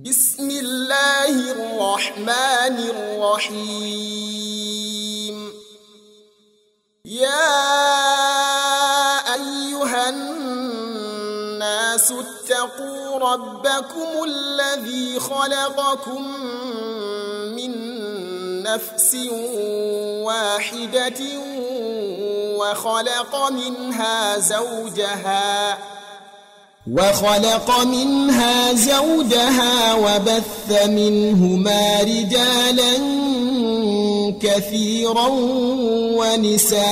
بسم الله الرحمن الرحيم يا أيها الناس اتقوا ربكم الذي خلقكم من نفس واحدة وخلق منها زوجها وخلق منها زوجها وبث منهما رجالا كثيرا ونساء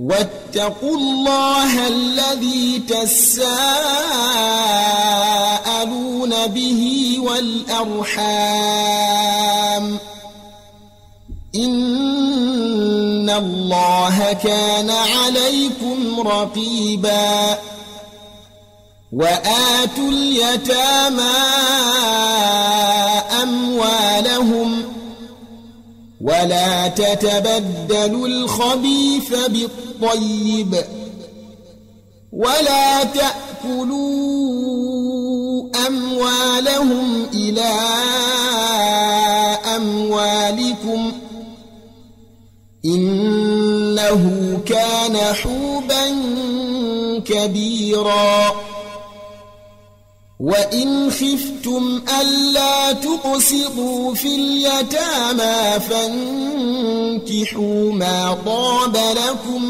واتقوا الله الذي تساءلون به والارحام إن إن الله كان عليكم رقيبا وآتوا اليتامى أموالهم ولا تتبدلوا الخبيث بالطيب ولا تأكلوا أموالهم إلى أموالكم ۖ إنه كان حوبا كبيرا وإن خفتم ألا تقسطوا في اليتامى فانكحوا ما طاب لكم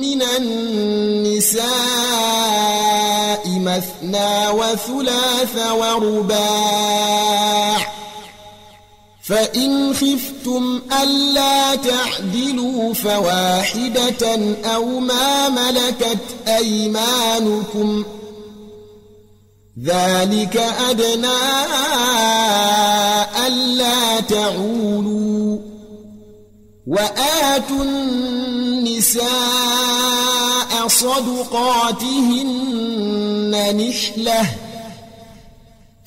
من النساء مثنى وثلاث ورباع فإن خفتم ألا تعدلوا فواحدة أو ما ملكت أيمانكم ذلك أدنى ألا تعولوا وآتوا النساء صدقاتهن نحلةً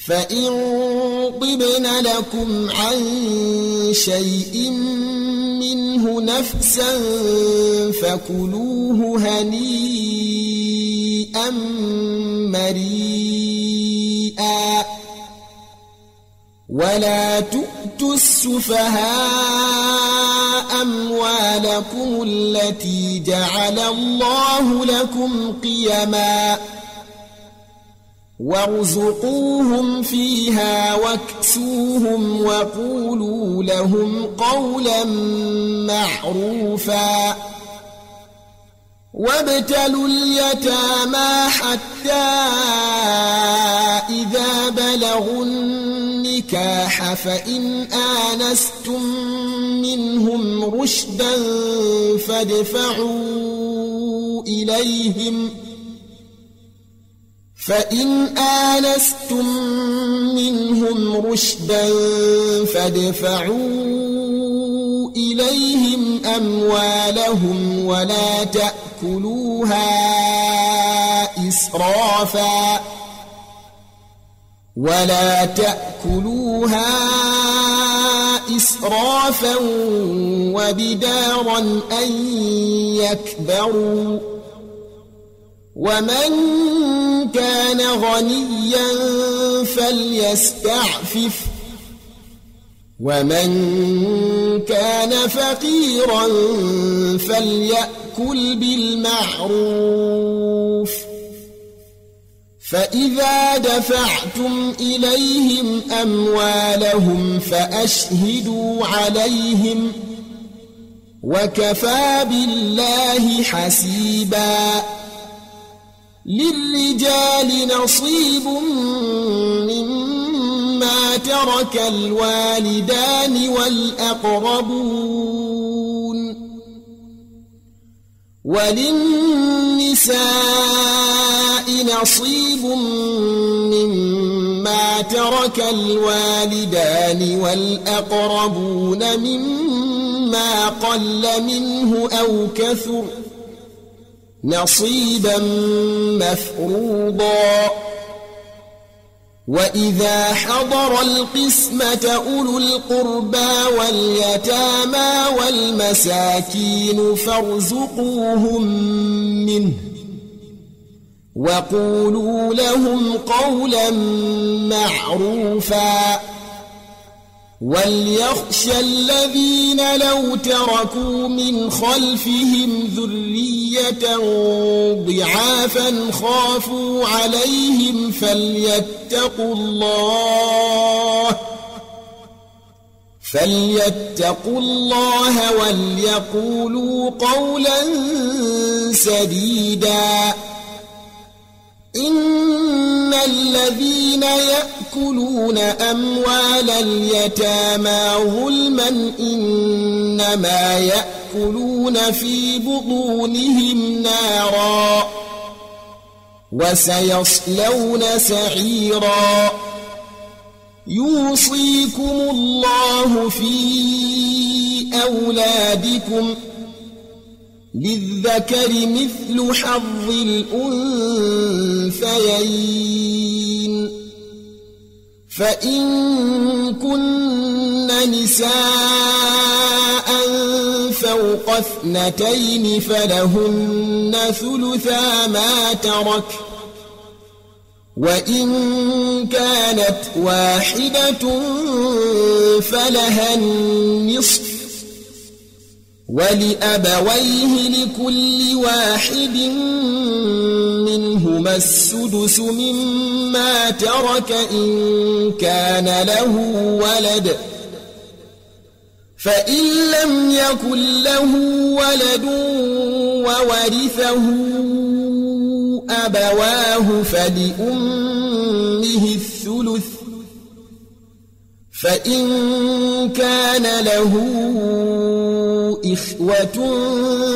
فإن طبن لكم عن شيء منه نفسا فكلوه هنيئا مريئا ولا تؤتوا السفهاء أموالكم التي جعل الله لكم قيماً وارزقوهم فيها واكسوهم وقولوا لهم قولا معروفا وابتلوا اليتامى حتى إذا بلغوا النكاح فإن آنستم منهم رشدا فادفعوا إليهم ۖ فإن آنستم منهم رشدا فادفعوا إليهم أموالهم ولا تأكلوها إسرافا ولا تأكلوها إسرافا وبدارا أن يكبروا ومن كان غنيا فليستعفف ومن كان فقيرا فليأكل بالمعروف فإذا دفعتم إليهم أموالهم فأشهدوا عليهم وكفى بالله حسيباً للرجال نصيب مما ترك الوالدان والأقربون وللنساء نصيب مما ترك الوالدان والأقربون مما قل منه أو كثر ۖ نصيبا مفروضا وإذا حضر القسمة أولو القربى واليتامى والمساكين فارزقوهم منه وقولوا لهم قولا معروفا وليخشى الذين لو تركوا من خلفهم ذرية ضعافا خافوا عليهم فليتقوا الله فليتقوا الله وليقولوا قولا سديداً إن الذين يأكلون أموال اليتامى ظلما إنما يأكلون في بطونهم نارا وسيصلون سعيرا يوصيكم الله في أولادكم ۖ للذكر مثل حظ الأنثيين فإن كن نساء فوق اثنتين فلهن ثلثا ما ترك وإن كانت واحدة فلها النصف ولأبويه لكل واحد منهما السدس مما ترك إن كان له ولد فإن لم يكن له ولد وورثه أبواه فلأمه الثلث فإن كان له إخوة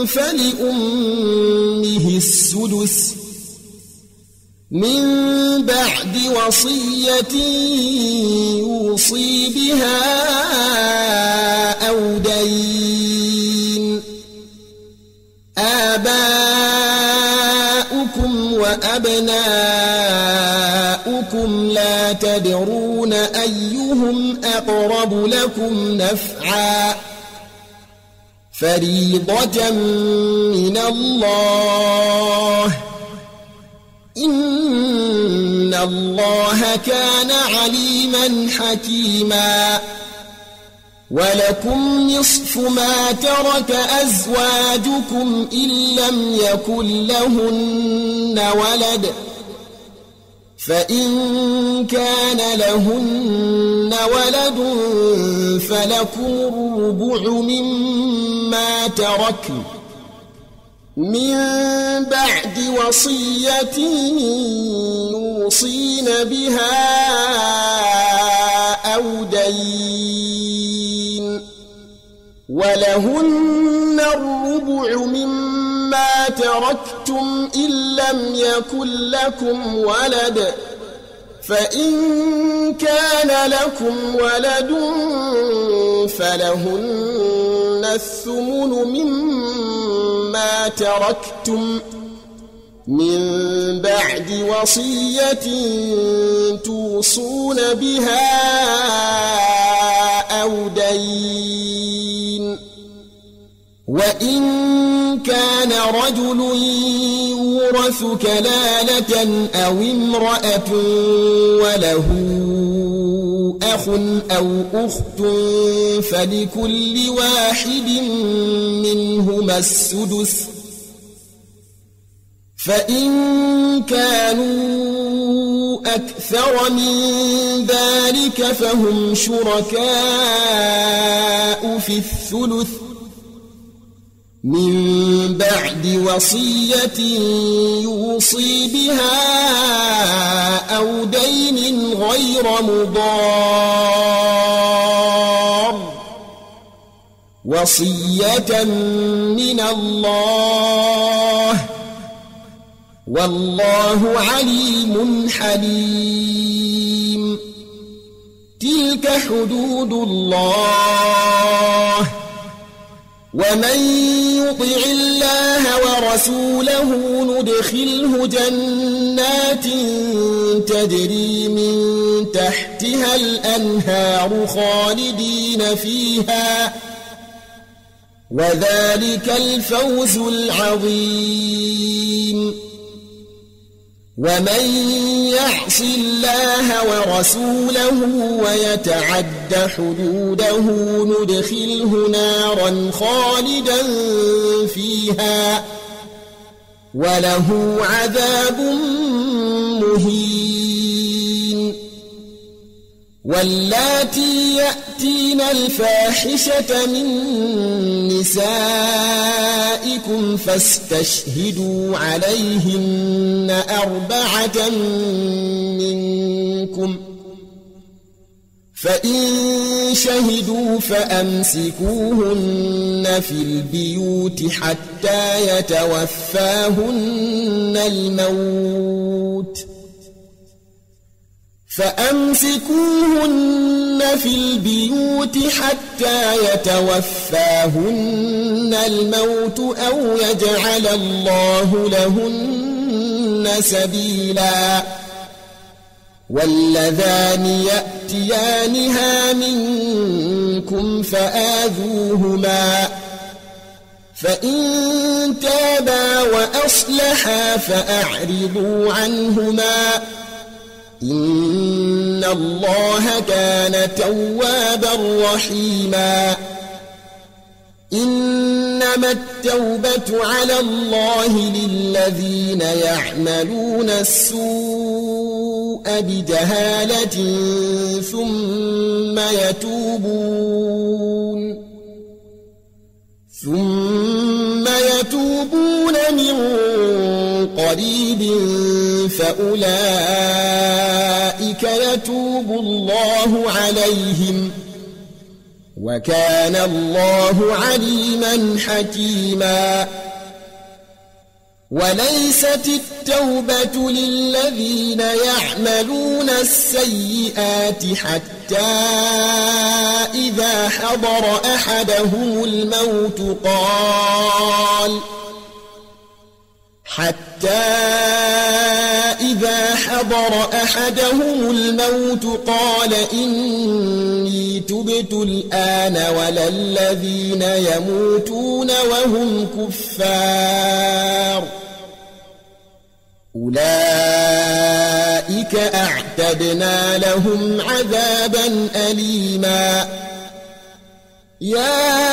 فلأمه السدس من بعد وصية يوصي بها أو دين آبان وأبناؤكم لا تدرون أيهم أقرب لكم نفعا فريضة من الله إن الله كان عليما حكيماً ولكم نصف ما ترك أزواجكم إن لم يكن لهن ولد فإن كان لهن ولد فلكم الربع مما ترك من بعد وصية يوصين بها أو دين ولهن الربع مما تركتم إن لم يكن لكم ولد فإن كان لكم ولد فلهن الثمن مما تركتم ۖ من بعد وصية توصون بها أو دين وإن كان رجل يورث كلالة أو امرأة وله أخ أو أخت فلكل واحد منهما السدس ۖ فإن كانوا أكثر من ذلك فهم شركاء في الثلث من بعد وصية يوصي بها أو دين غير مضار وصية من الله ۖ والله عليم حليم تلك حدود الله ومن يطع الله ورسوله ندخله جنات تجري من تحتها الأنهار خالدين فيها وذلك الفوز العظيم ومن يعص الله ورسوله ويتعد حدوده ندخله نارا خالدا فيها وله عذاب مهين واللاتي يأتين الفاحشة من نسائكم فاستشهدوا عليهن أربعة منكم فإن شهدوا فأمسكوهن في البيوت حتى يتوفاهن الموت ۖ فأمسكوهن في البيوت حتى يتوفاهن الموت أو يجعل الله لهن سبيلا واللذان يأتيانها منكم فآذوهما فإن تابا وأصلحا فأعرضوا عنهما ۖ إن الله كان توابا رحيما إنما التوبة على الله للذين يعملون السوء بجهالة ثم يتوبون ثم يتوبون من قريب فأولئك يتوب الله عليهم وكان الله عليما حكيما وليست التوبة للذين يعملون السيئات حتى حتى إذا حضر أحدهم الموت قال حتى إذا حضر أحدهم الموت قال إني تبت الآن ولا الذين يموتون وهم كفار أولئك أولئك أعتدنا لهم عذابا أليما يا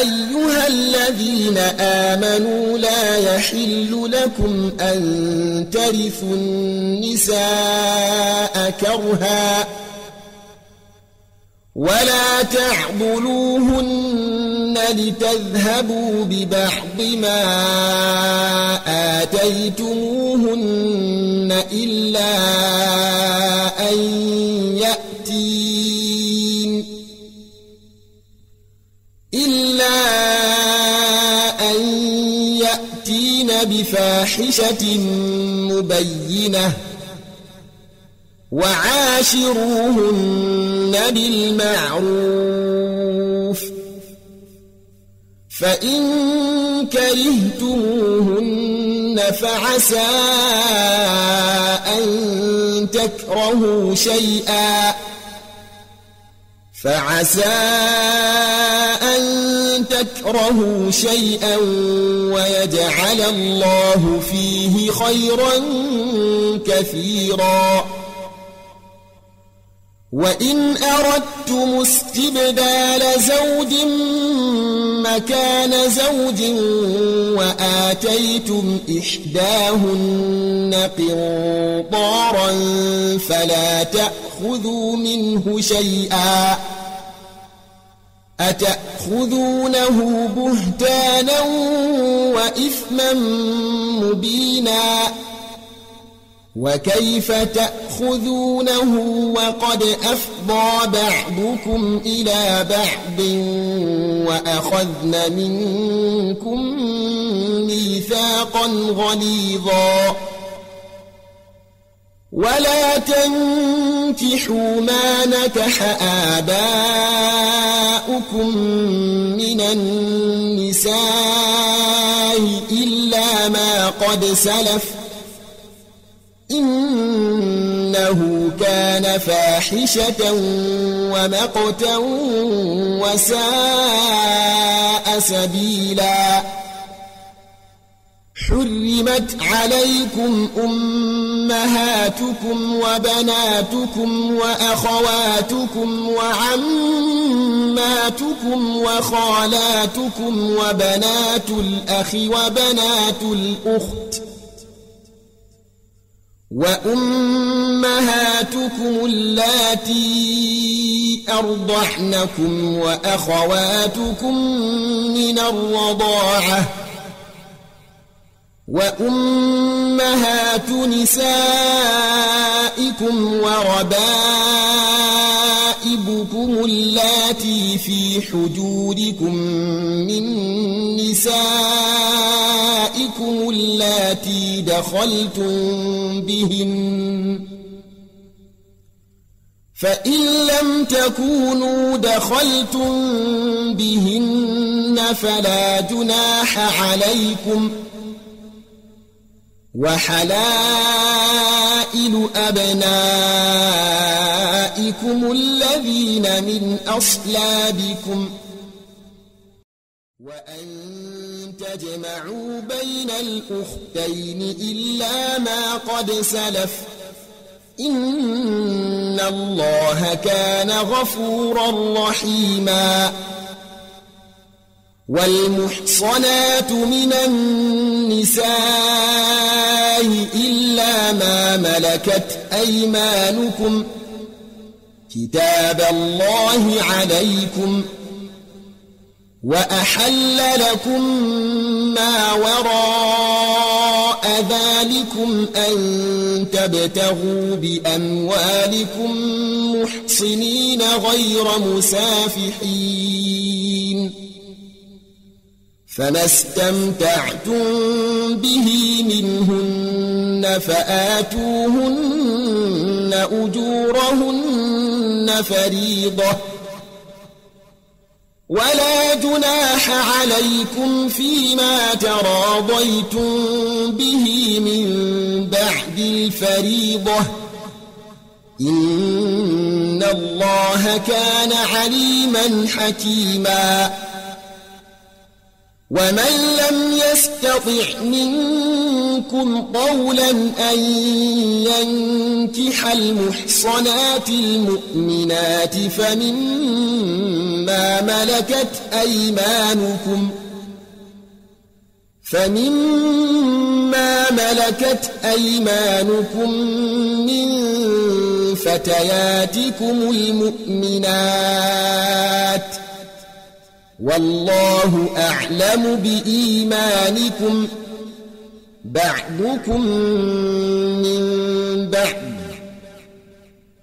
أيها الذين آمنوا لا يحل لكم أن ترثوا النساء كرها ولا تعضلوهن لتذهبوا ببعض ما آتيتموهن إلا أن يأتين إلا أن يأتين بفاحشة مبينة وعاشروهن بالمعروف فإن كرهتموهن فعسى أن تكرهوا شيئا فعسى أن تكرهوا شيئا ويجعل الله فيه خيرا كثيرا وإن أردتم استبدال زوج مكان زوج وآتيتم إحداهن قنطارا فلا تأخذوا منه شيئا أتأخذونه بهتانا وإثما مبيناً وكيف تأخذونه وقد أفضى بعضكم إلى بعض وأخذن منكم ميثاقا غليظا ولا تنكحوا ما نكح آباؤكم من النساء إلا ما قد سلف إنه كان فاحشة ومقتا وساء سبيلا حرمت عليكم أمهاتكم وبناتكم وأخواتكم وعماتكم وخالاتكم وبنات الأخ وبنات الأخت ۖ وأمهاتكم اللاتي أرضعنكم وأخواتكم من الرضاعة وأمهات نسائكم وربائكم حصائبكم اللاتي في حجوركم من نسائكم اللاتي دخلتم بهن فإن لم تكونوا دخلتم بهن فلا جناح عليكم ۖ وحلائل أبنائكم الذين من أصلابكم وأن تجمعوا بين الأختين إلا ما قد سلف إن الله كان غفورا رحيماً والمحصنات من النساء إلا ما ملكت أيمانكم كتاب الله عليكم وأحل لكم ما وراء ذلكم أن تبتغوا بأموالكم محصنين غير مسافحين فما استمتعتم به منهن فآتوهن أجورهن فريضة ولا جناح عليكم فيما تراضيتم به من بعد الفريضة إن الله كان عليما حكيماً ومن لم يستطع منكم قولا أن ينكح المحصنات المؤمنات فمما ملكت أيمانكم فمما ملكت أيمانكم من فتياتكم المؤمنات ۖ والله أعلم بإيمانكم بعدكم من بعد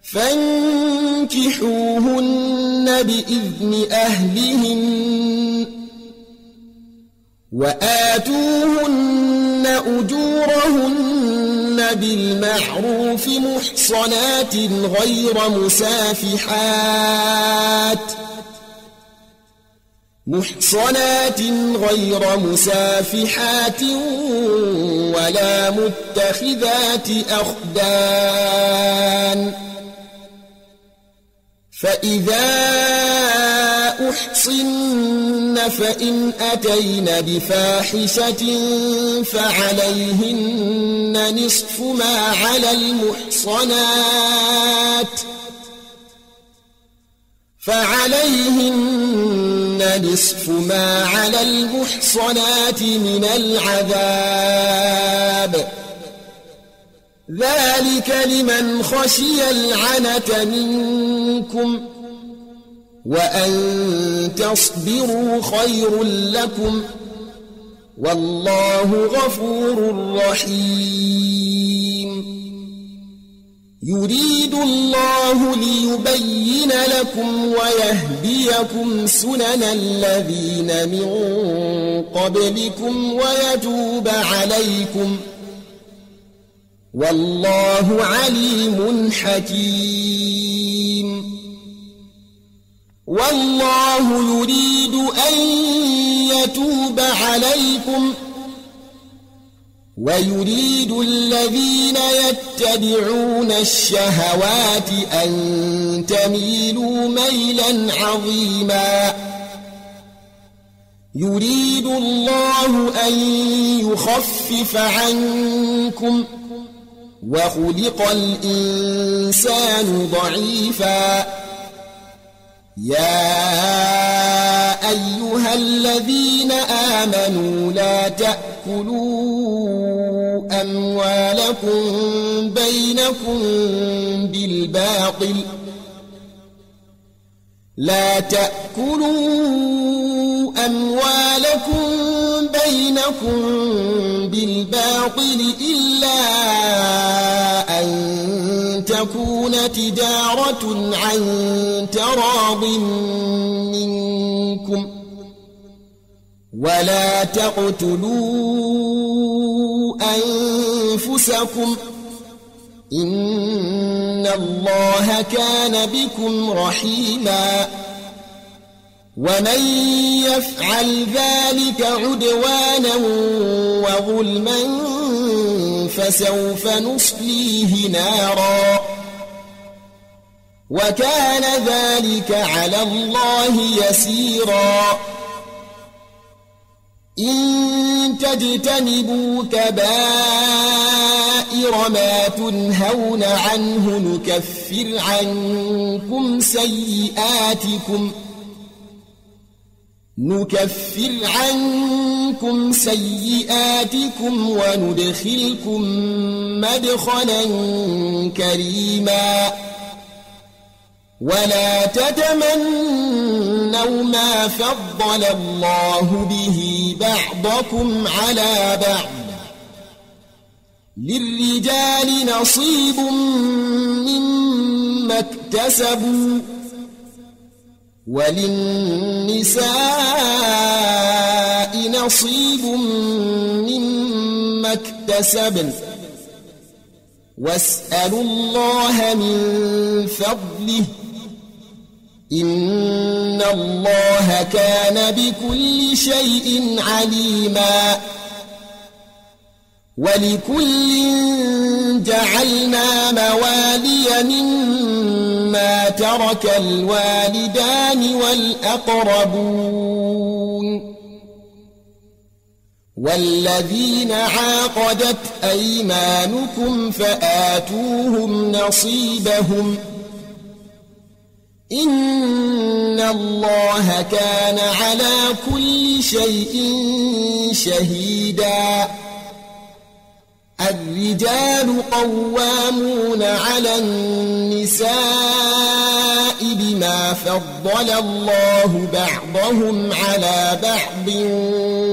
فانكحوهن بإذن أهلهن وآتوهن أجورهن بالمعروف محصنات غير مسافحات ۖ محصنات غير مسافحات ولا متخذات أخدان فإذا أحصن فإن أتين بفاحشة فعليهن نصف ما على المحصنات ۖ فعليهن نصف ما على المحصنات من العذاب ذلك لمن خشي العنة منكم وأن تصبروا خير لكم والله غفور رحيم يريد الله ليبين لكم ويهديكم سنن الذين من قبلكم ويتوب عليكم والله عليم حكيم والله يريد أن يتوب عليكم ۖ ويريد الذين يتبعون الشهوات أن تميلوا ميلا عظيما يريد الله أن يخفف عنكم وخلق الإنسان ضعيفا يا أيها الذين آمنوا لا تأكلون أموالكم بينكم بالباطل لا تأكلوا أموالكم بينكم بالباطل إلا أن تكون تجارة عن تراض منكم ولا تقتلون أنفسكم إن الله كان بكم رحيما ومن يفعل ذلك عدوانا وظلما فسوف نصليه نارا وكان ذلك على الله يسيرا إن تجتنبوا كبائر ما تنهون عنه نكفر عنكم سيئاتكم نكفر عنكم سيئاتكم وندخلكم مدخلا كريماً ولا تتمنوا ما فضل الله به بعضكم على بعض للرجال نصيب مما اكتسبوا وللنساء نصيب مما اكتسبن واسألوا الله من فضله إن الله كان بكل شيء عليما ولكل جعلنا موالي مما ترك الوالدان والأقربون والذين عاقدت أيمانكم فآتوهم نصيبهم ۖ إن الله كان على كل شيء شهيدا الرجال قوامون على النساء بما فضل الله بعضهم على بعض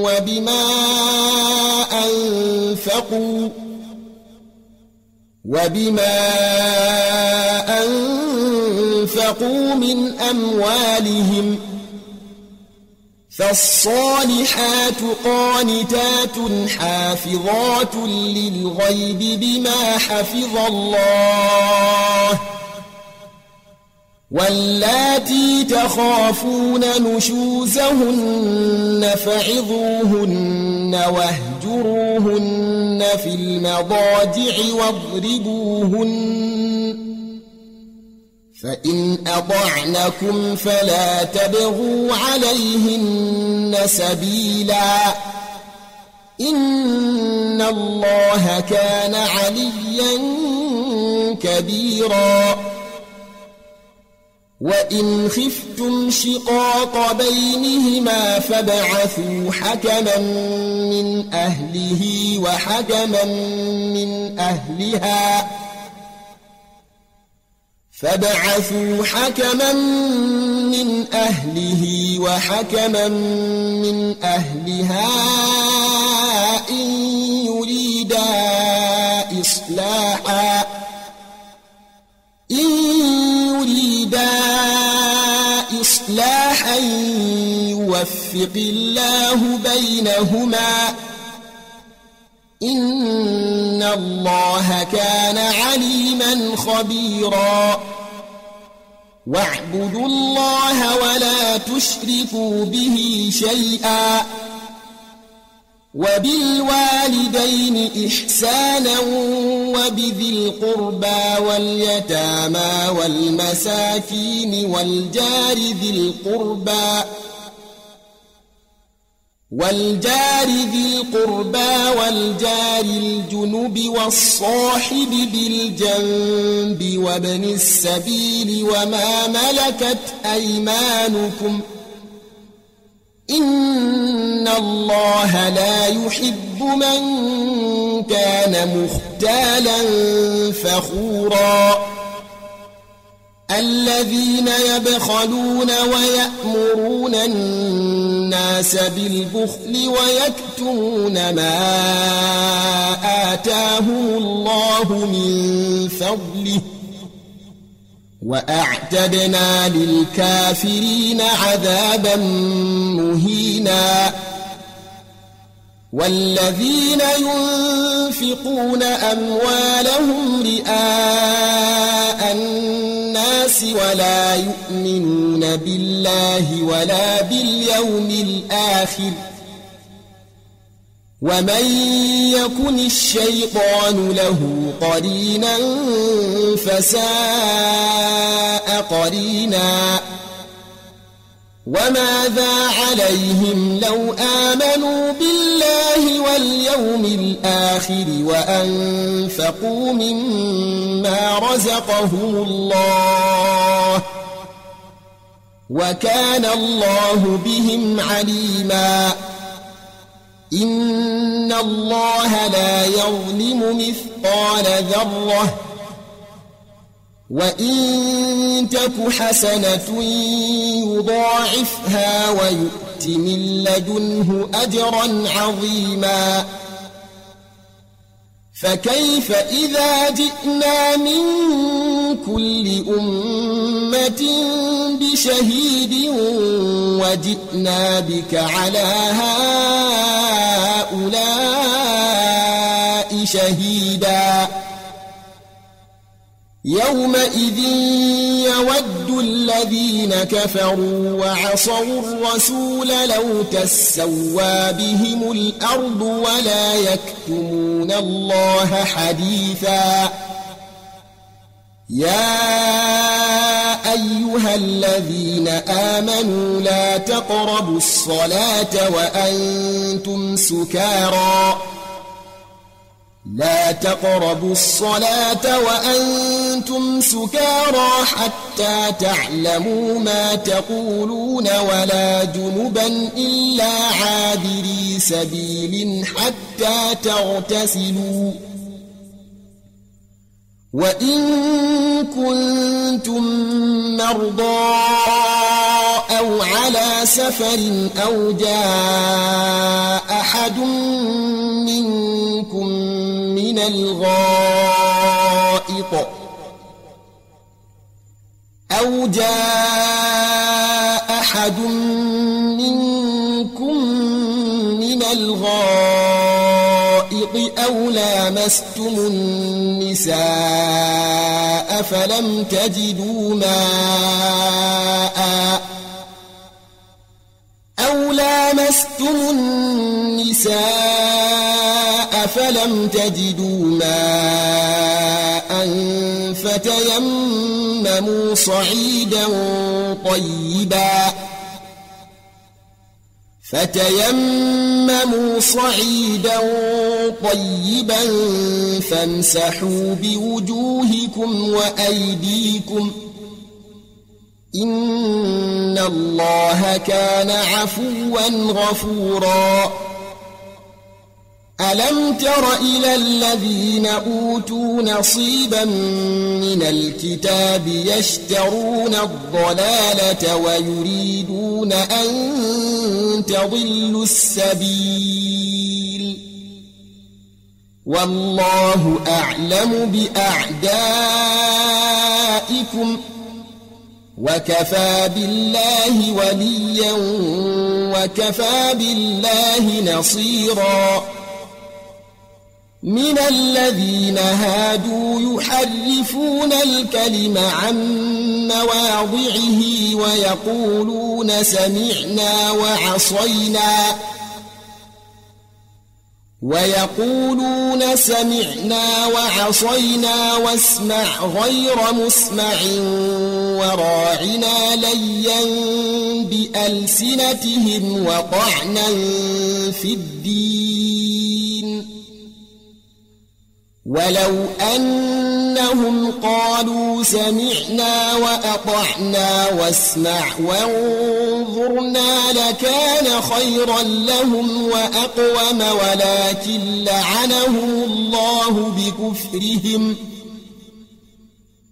وبما أنفقوا وبما أنفقوا أنفقوا من أموالهم فالصالحات قانتات حافظات للغيب بما حفظ الله واللاتي تخافون نشوزهن فعظوهن واهجروهن في المضاجع واضربوهن فإن أطعنكم فلا تبغوا عليهن سبيلا إن الله كان عليا كبيرا وإن خفتم شقاق بينهما فابعثوا حكما من أهله وحكما من أهلها ۖ فبعثوا حكما من أهله وحكما من أهلها إن يريدا إصلاحا إن يريدا إصلاحا يوفق الله بينهما ۖ إن الله كان عليما خبيرا واعبدوا الله ولا تشركوا به شيئا وبالوالدين إحسانا وبذي القربى واليتامى والمساكين والجار ذي القربى والجار ذي القربى والجار الجنب والصاحب بالجنب وابن السبيل وما ملكت أيمانكم إن الله لا يحب من كان مختالا فخوراً الذين يبخلون ويأمرون الناس بالبخل ويكتمون ما آتاهم الله من فضله وأعتدنا للكافرين عذابا مهينا والذين ينفقون أموالهم رئاء الناس ولا يؤمنون بالله ولا باليوم الآخر ومن يكن الشيطان له قرينا فساء قرينا وماذا عليهم لو آمنوا بالله بالله واليوم الآخر وأنفقوا مما رزقهم الله وكان الله بهم عليما إن الله لا يظلم مثقال ذرة وإن تك حسنة يضاعفها ويؤتي يأت من لدنه أجرا عظيما فكيف إذا جئنا من كل أمة بشهيد وجئنا بك على هؤلاء شهيداً يومئذ يود الذين كفروا وعصوا الرسول لو تسوى بهم الأرض ولا يكتمون الله حديثا يا أيها الذين آمنوا لا تقربوا الصلاة وأنتم سكارى لا تقربوا الصلاة وأنتم سكارى حتى تعلموا ما تقولون ولا جنبا إلا عابري سبيل حتى تغتسلوا وإن كنتم مرضى أو على سفر أو جاء أحد منكم من الغائط أو جاء أحد منكم من الغائط الأرض أو لامستم النساء فلم تجدوا ماء أو لامستم النساء فلم تجدوا ماء فتيمموا صعيدا طيبا فتيمموا صعيدا طيبا فامسحوا بوجوهكم وأيديكم إن الله كان عفوا غفوراً ألم تر إلى الذين أوتوا نصيبا من الكتاب يشترون الضلالة ويريدون أن تضلوا السبيل والله أعلم بأعدائكم وكفى بالله وليا وكفى بالله نصيراً من الذين هادوا يحرفون الكلم عن مواضعه ويقولون سمعنا وعصينا ويقولون سمعنا وعصينا واسمع غير مسمع وراعنا ليا بألسنتهم وطعنا في الدين ولو أنهم قالوا سمعنا وأطعنا واسمع وانظرنا لكان خيرا لهم وأقوم ولكن لعنهم الله بكفرهم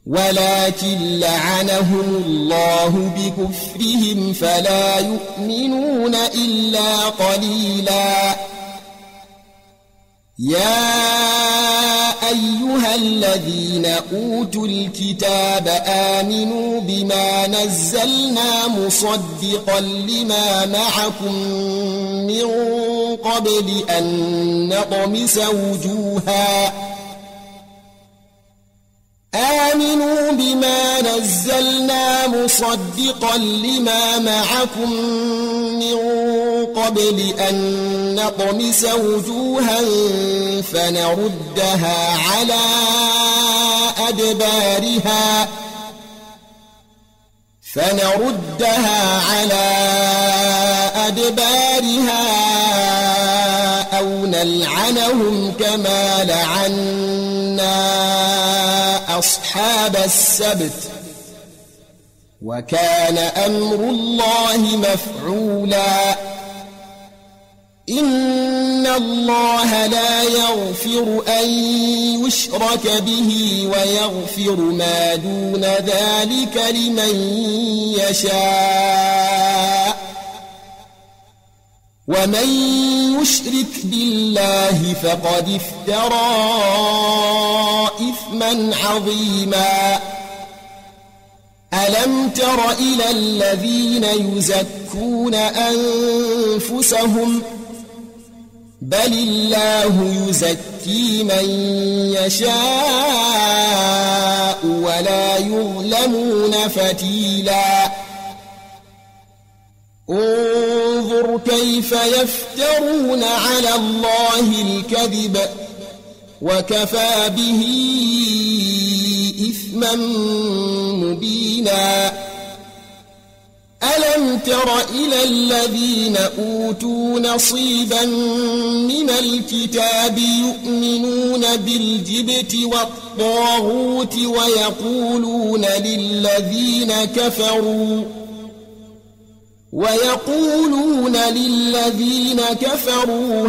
ولكن لعنهم الله بكفرهم فلا يؤمنون إلا قليلا يا ايها الذين اوتوا الكتاب امنوا بما نزلنا مصدقا لما معكم من قبل ان نطمس وجوهاً آمنوا بما نزلنا مصدقا لما معكم من قبل أن نطمس وجوها فنردها على أدبارها فنردها على أدبارها أو نلعنهم كما لعنا أصحاب السبت وكان أمر الله مفعولا إن الله لا يغفر أن يشرك به ويغفر ما دون ذلك لمن يشاء ومن يشرك بالله فقد افترى إثما عظيما ألم تر إلى الذين يزكون أنفسهم بل الله يزكي من يشاء ولا يظلمون فتيلاً انظر كيف يفترون على الله الكذب وكفى به إثما مبينا ألم تر إلى الذين أوتوا نصيبا من الكتاب يؤمنون بالجبت والطاغوت ويقولون للذين كفروا ويقولون للذين كفروا هؤلاء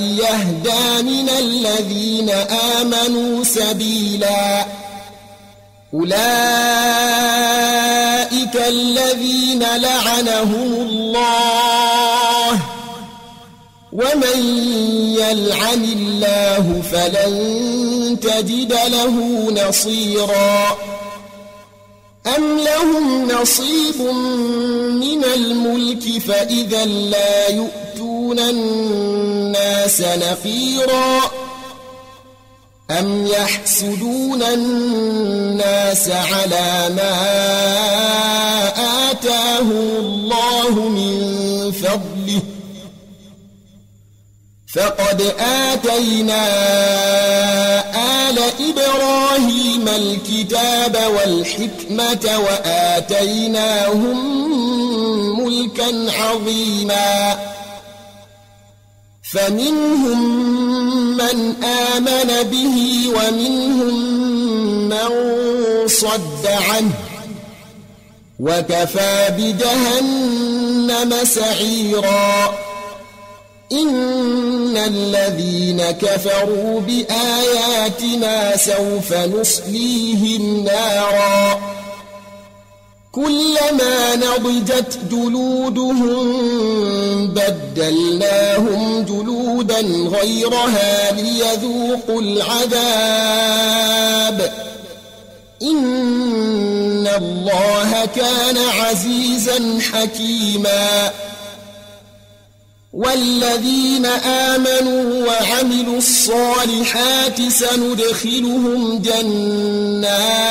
يهدى من الذين آمنوا سبيلا أولئك الذين لعنهم الله ومن يلعن الله فلن تجد له نصيراً أم لهم نصيب من الملك فإذا لا يؤتون الناس نفيرا أم يحسدون الناس على ما آتاه الله من فضل فقد آتينا آل إبراهيم الكتاب والحكمة وآتيناهم ملكا عظيما فمنهم من آمن به ومنهم من صد عنه وكفى بجهنم سعيراً إن الذين كفروا بآياتنا سوف نصليهم نارا كلما نضجت جلودهم بدلناهم جلودا غيرها ليذوقوا العذاب إن الله كان عزيزا حكيماً والذين آمنوا وعملوا الصالحات سندخلهم جنات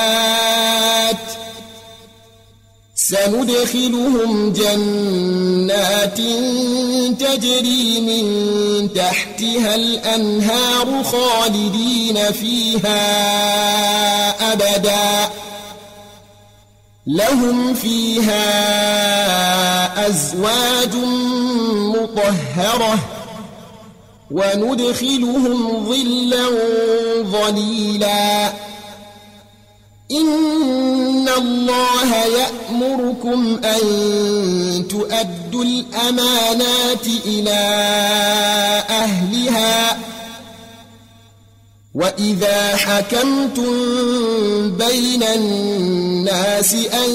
سندخلهم جنات تجري من تحتها الأنهار خالدين فيها أبداً لهم فيها أزواج مطهرة وندخلهم ظلا ظليلا إن الله يأمركم أن تؤدوا الأمانات إلى أهلها ۖ وإذا حكمتم بين الناس أن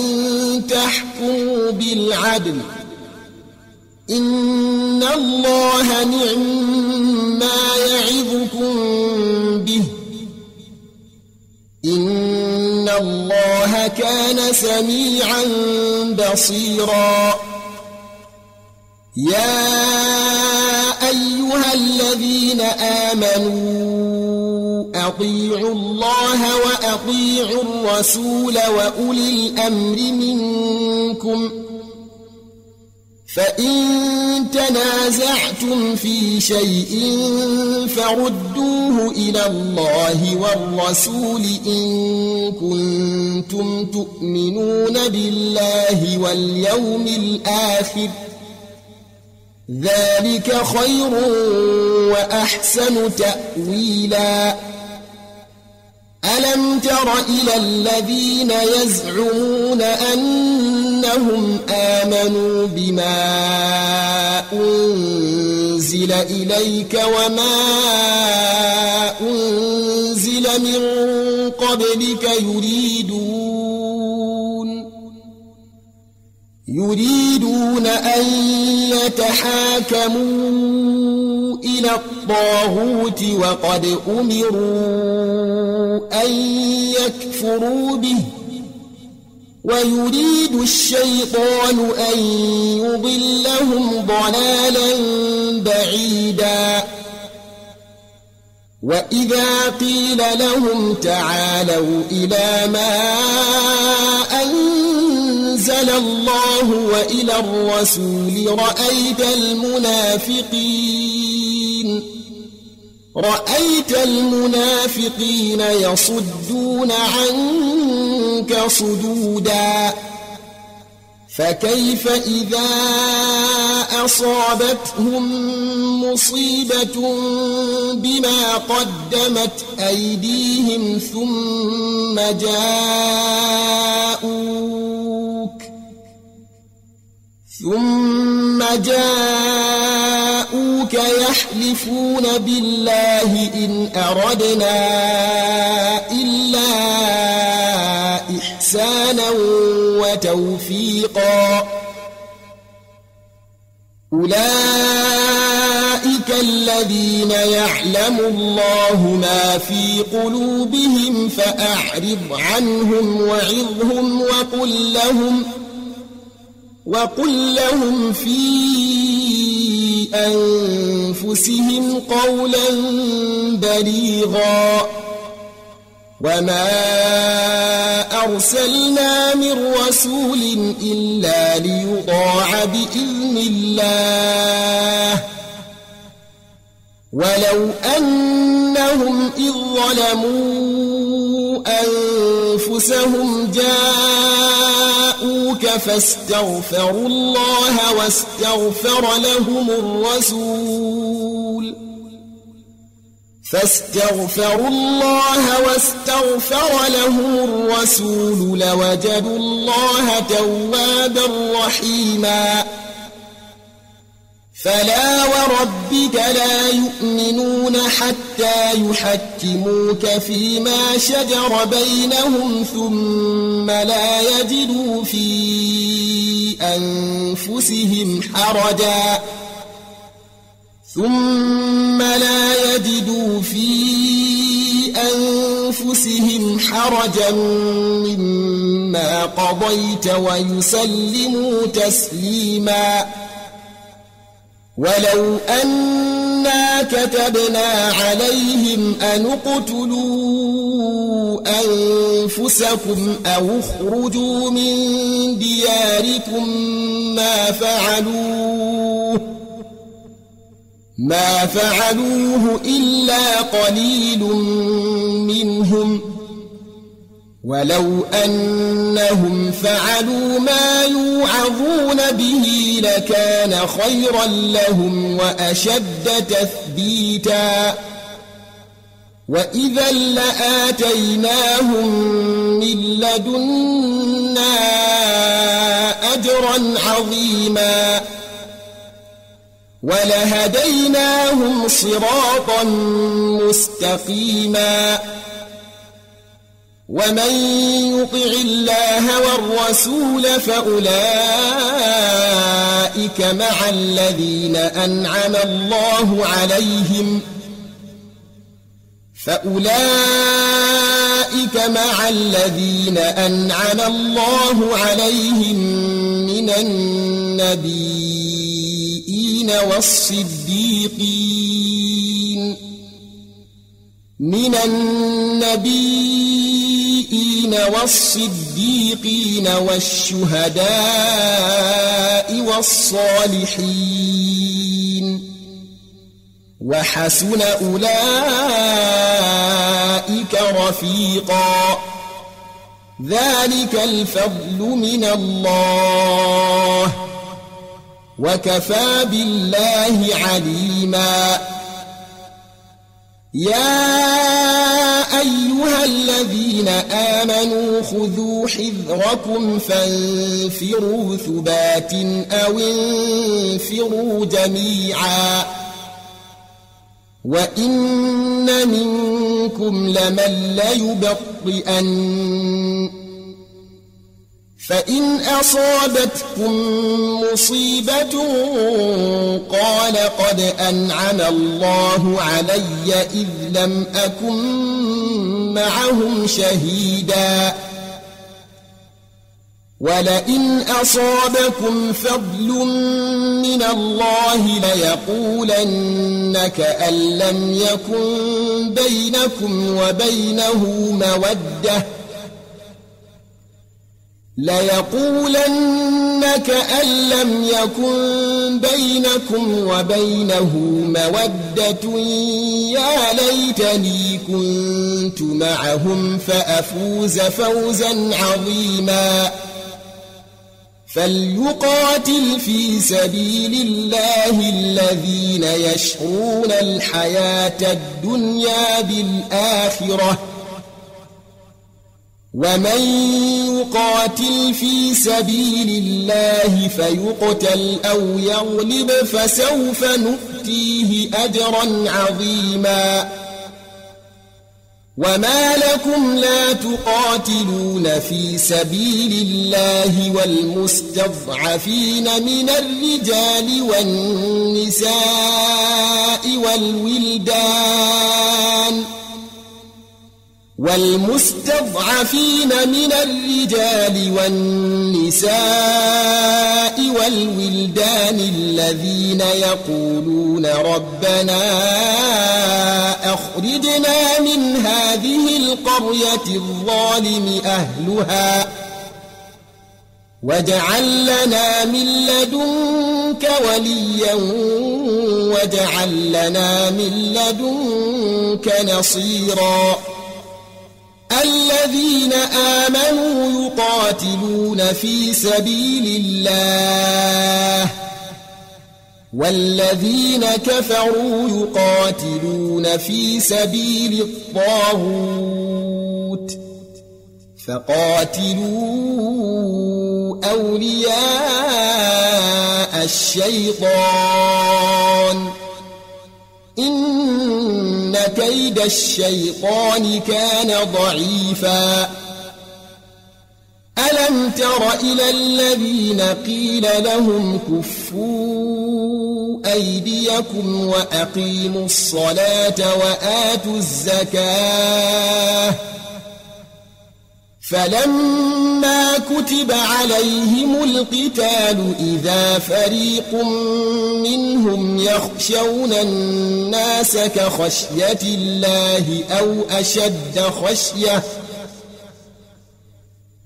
تحكموا بالعدل إن الله نعم ما يعظكم به إن الله كان سميعا بصيرا يا أيها الذين آمنوا أطيعوا الله وأطيعوا الرسول وأولي الأمر منكم فإن تنازعتم في شيء فردوه إلى الله والرسول إن كنتم تؤمنون بالله واليوم الآخر ۖ ذلك خير وأحسن تأويلا ألم تر إلى الذين يزعمون أنهم آمنوا بما أنزل إليك وما أنزل من قبلك يريدون يريدون أن يتحاكموا إلى الطاغوت وقد أمروا أن يكفروا به ويريد الشيطان أن يضلهم ضلالا بعيدا وإذا قيل لهم تعالوا إلى ما أن أنزل الله وإلى الرسول رأيت المنافقين رأيت المنافقين يصدون عنك صدوداً فكيف إذا أصابتهم مصيبة بما قدمت أيديهم ثم جاءوا ثم جاءوك يحلفون بالله إن أردنا إلا إحسانا وتوفيقا أولئك الذين يعلم الله ما في قلوبهم فأعرض عنهم وعظهم وقل لهم ۖ وقل لهم في أنفسهم قولا بليغا وما أرسلنا من رسول إلا ليطاع بإذن الله ولو أنهم إذ ظلموا أنفسهم جاءوا فاستغفروا الله واستغفر لهم الرسول فاستغفروا الله واستغفر لهم الرسول لوجدوا الله توابا رحيماً فلا وربك لا يؤمنون حتى يحكموك فيما شجر بينهم ثم لا يجدوا في أنفسهم حرجا ثم لا يجدوا في أنفسهم حرجا مما قضيت ويسلموا تسليماً ولو أنا كتبنا عليهم أن اقتلوا أنفسكم أو اخرجوا من دياركم ما فعلوه ما فعلوه إلا قليل منهم ۖ ولو أنهم فعلوا ما يوعظون به لكان خيرا لهم وأشد تثبيتا وإذا لآتيناهم من لدنا أجرا عظيما ولهديناهم صراطا مستقيما ومن يطع الله والرسول فأولئك مع الذين أنعم الله عليهم فأولئك مع الذين أنعم الله عليهم من النبيين والصديقين من النبيين النبيين والصديقين والشهداء والصالحين وحسن أولئك رفيقا ذلك الفضل من الله وكفى بالله عليماً يا ايها الذين امنوا خذوا حذركم فانفروا ثبات او انفروا جميعا وان منكم لمن ليبطئن فإن أصابتكم مصيبة قال قد أنعم الله علي إذ لم أكن معهم شهيدا ولئن أصابكم فضل من الله ليقولن كأن لم يكن بينكم وبينه موده ۖ ليقولنك أن لم يكن بينكم وبينه مودة يا ليتني كنت معهم فأفوز فوزا عظيما فليقاتل في سبيل الله الذين يشرون الحياة الدنيا بالآخرة ومن يقاتل في سبيل الله فيقتل أو يغلب فسوف نؤتيه أجرا عظيما وما لكم لا تقاتلون في سبيل الله والمستضعفين من الرجال والنساء والولدان ۖ والمستضعفين من الرجال والنساء والولدان الذين يقولون ربنا أخرجنا من هذه القرية الظالم أهلها واجعل لنا من لدنك وليا واجعل لنا من لدنك نصيراً الذين آمنوا يقاتلون في سبيل الله والذين كفروا يقاتلون في سبيل الطاغوت فقاتلوا أولياء الشيطان إن كيد الشيطان كان ضعيفا ألم تر إلى الذين قيل لهم كفوا أيديكم وأقيموا الصلاة وآتوا الزكاة فلما كتب عليهم القتال إذا فريق منهم يخشون الناس كخشية الله أو أشد خشية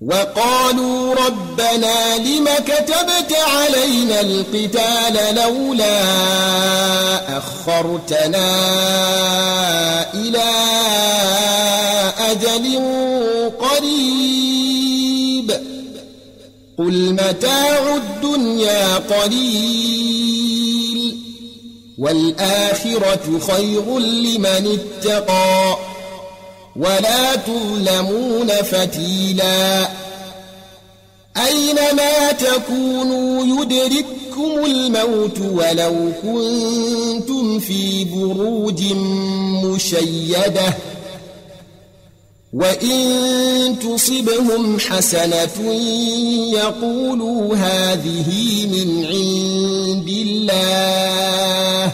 وقالوا ربنا لم كتبت علينا القتال لولا أخرتنا إلى أجل قريب قل متاع الدنيا قليل والآخرة خير لمن اتقى ولا تظلمون فتيلا أينما تكونوا يدركون يدرككم الموت ولو كنتم في بروج مشيدة وإن تصبهم حسنة يقولوا هذه من عند الله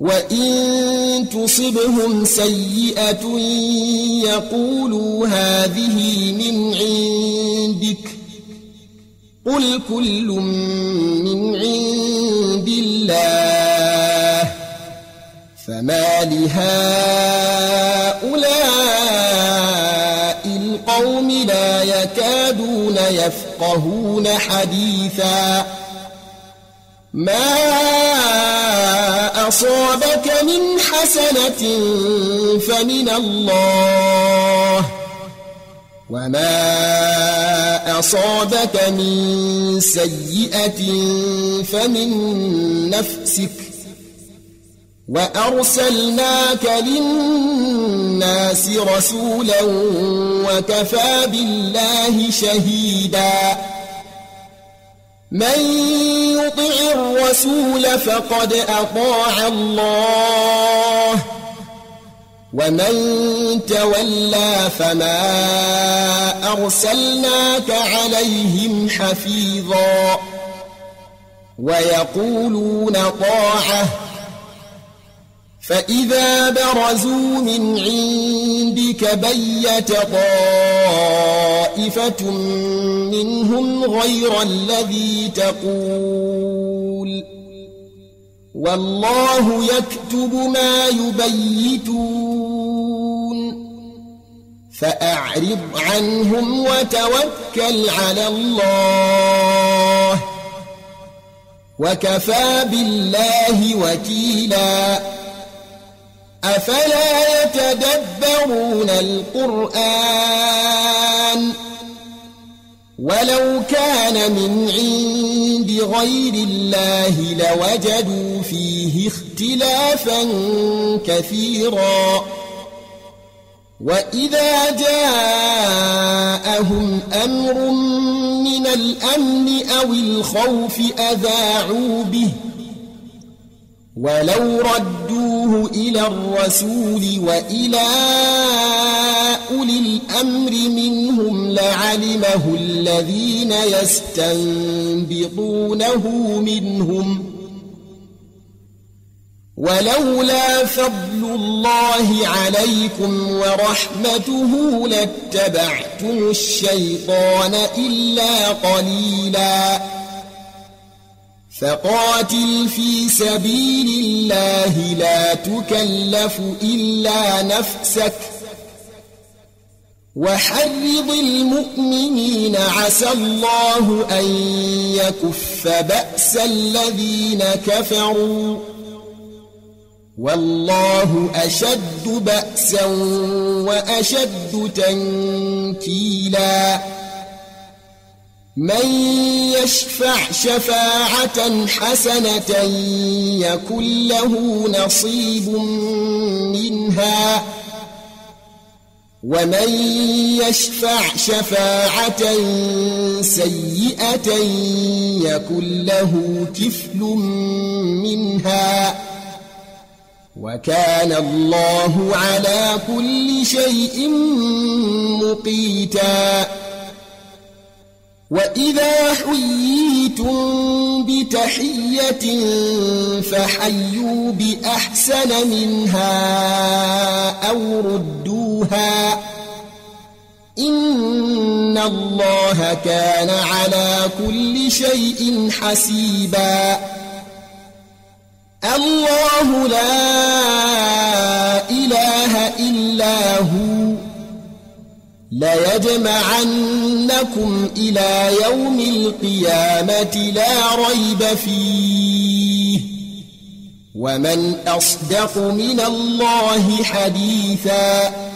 وإن تصبهم سيئة يقولوا هذه من عندك قل كل من عند الله فما لهؤلاء القوم لا يكادون يفقهون حديثا ما أصابك من حسنة فمن الله وما أصابك من سيئة فمن نفسك وأرسلناك للناس رسولا وكفى بالله شهيدا من يطع الرسول فقد أطاع الله ومن تولى فما أرسلناك عليهم حفيظا ويقولون طاعة فإذا برزوا من عندك بيت طائفة منهم غير الذي تقول والله يكتب ما يبيتون فأعرض عنهم وتوكل على الله وكفى بالله وكيلا أفلا يتدبرون القرآن ؟ ولو كان من عند غير الله لوجدوا فيه اختلافا كثيرا واذا جاءهم امر من الامن او الخوف اذاعوا به ولو ردوه إلى الرسول وإلى أولي الأمر منهم لعلمه الذين يستنبطونه منهم ولولا فضل الله عليكم ورحمته لاتبعتم الشيطان إلا قليلاً فقاتل في سبيل الله لا تكلف إلا نفسك وحرض المؤمنين عسى الله أن يكف بأس الذين كفروا والله أشد بأسا وأشد تنكيلاً من يشفع شفاعة حسنة يكن له نصيب منها ومن يشفع شفاعة سيئة يكن له كفل منها وكان الله على كل شيء مقيتاً وإذا حييتم بتحية فحيوا بأحسن منها أو ردوها إن الله كان على كل شيء حسيبا الله لا إله إلا هو ليجمعنكم إلى يوم القيامة لا ريب فيه ومن أصدق من الله حديثاً